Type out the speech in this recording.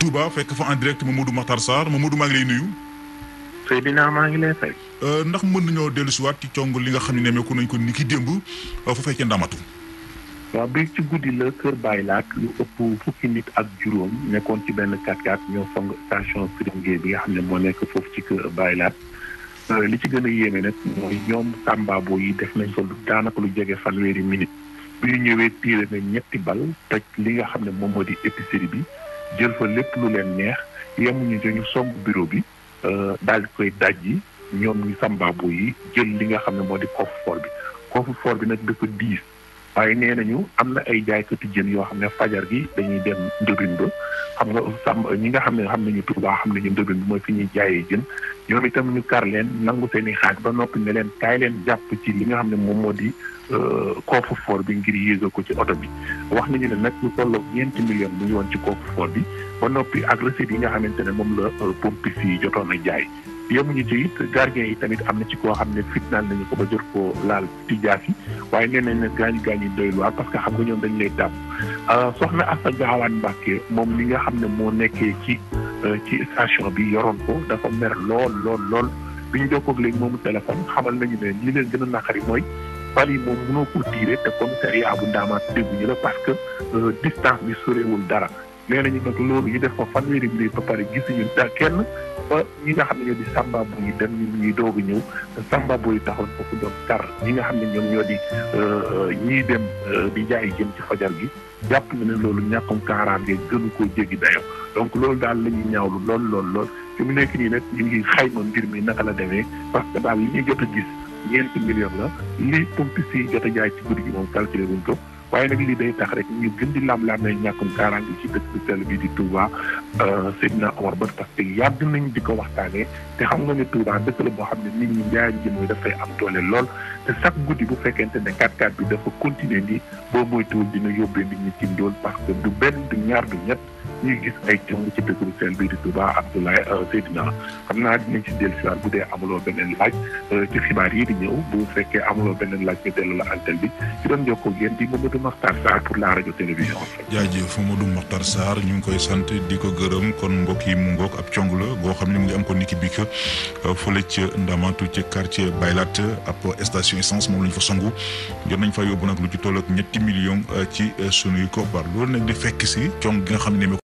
Touba fekk fa en direct Mamadou Makhtar Sarr Mamadou maa ngi lay nuyu. naa maa ngi lay fay. Euh, ndax mën nañoo dellu si ci cong li nga xam ne nemmeeku nañ ko ni ki démb euh, fu fekkee ndamatu. waaw bi ci guddi la Kër Baye Laat lu ëpp fukki nit ak juróom nekkoon ci benn 4x4 ñoo song station Firingue bi nga xam ne moo nekk foofu ci Kër Baye Laat euh, li ci gën a yéeme nag mooy ñoom sàmbaaboo yi def nañ ko daanaka lu jege fanweeri minute bi ñu ñëwee tiire nañ ñetti bal toj li nga xam ne moom moo di épicerie bi. jël fa lépp lu leen neex yemuñu ci ñu song bureau bi euh, daal di koy daj yi ñoom ñu sambaabo yi jël li nga xam ne moo di coffre-fort bi coffre-fort bi nag dafa diis waaye nee nañu am na ay jaaykatu jën yoo xam ne fajar gi dañuy dem ndëbin ba xam nga sàmm ñi nga xam ne xam nañu Tuubaa xam nañu ñu ba mooy fi ñuy jaayee jën ñoom itam ñu kar leen nangu seen i xaaj ba noppi ne leen kaay leen jàpp ci li nga xam ne moom moo di euh, coffre-fort bi ngir yéege ko ci oto bi wax nañu ne nag lu tolloog ñeenti million bu ñu woon ci coffre-fort bi ba noppi ak yi nga xamante ne moom la euh, pompiste yi jotoon a jaay. yemuñu ci it gardien yi tamit am na ci koo xam ne fitnaal nañu ko ba jot koo laal ci jaas yi waaye nee nañ ne gaañu gaañu doy waar parce que xam nga ñoom dañ lay dàpp euh, soxna Assa Gawane Mbacke moom li nga xam ne moo nekkee ci. ci station bi yoroon ko dafa mer lool lool lool bi ñu jokkoog léegi moomu téléphone xamal nañu ne lii leen gën a naqari mooy bal yi moom mënoo ko tiire te commissariat bu ndaamaat dégguñu la parce que euh, distance bi sorewul dara nee nañu nag loolu ñu def ko fanweeri bi ba pare gisuñu da kenn ba ñi nga xam ne ñoo di samba bu yi dem ñun ñuy doog ñëw te samba bu yi taxoon foofu doon tar ñi nga xam ne ñoom ñoo di euh, ñiy dem euh, di jaay jëm ci fajar gi jàpp na ne loolu ñàkkum kaaraange gënu koo jéggi dayo donc loolu daal la ñuy ñaawlu lool lool lool fi mu nekk nii nag ñu ngi xayma mbir mi naka la demee parce que daal li ñuy jot a gis ñeenti million la li pompiste yi jot a jaay ci guddi gi moom calculé wuñ ko waaye nag lii day tax rek ñu gën di lam-lamee ñàkkum kaaraange ci dëkk bu sell bi di Touba euh, Seydina Omar ba parce que yàgg nañ di ko waxtaanee te xam nga ne Touba dëkk la boo xam ne nit ñi njaayam jën wi dafay am doole lool te chaque guddi bu fekkente ne 4-4 bi dafa continuer nii boo moytuwul dina yóbbee bi ñu ci ndóol parce que du benn du ñaar du ñett. ñuy gis ay jëmm ci dëkk bi seen biir Touba Abdoulaye euh, Seydina xam naa dinañ ci dellusiwaat bu dee amuloo beneen laaj euh, ci xibaar yi di ñëw bu fekkee amuloo beneen laaj nga delloo la antenne bi ci doon jokkoo ngeen di Mamadou Makhtar Sarr pour la rajo télévision. jaajëf Mamadou Makhtar Sarr ñu ngi koy sant di ko gërëm kon mbokk yi mu ngoog ab cong la boo xam ne mu ngi am ko niki bi que euh, fële ca Ndamatu ci quartier Baylat ab station essence moom la ñu fa songu jot nañ fa yóbbu nag lu ci toll ak ñetti millions ci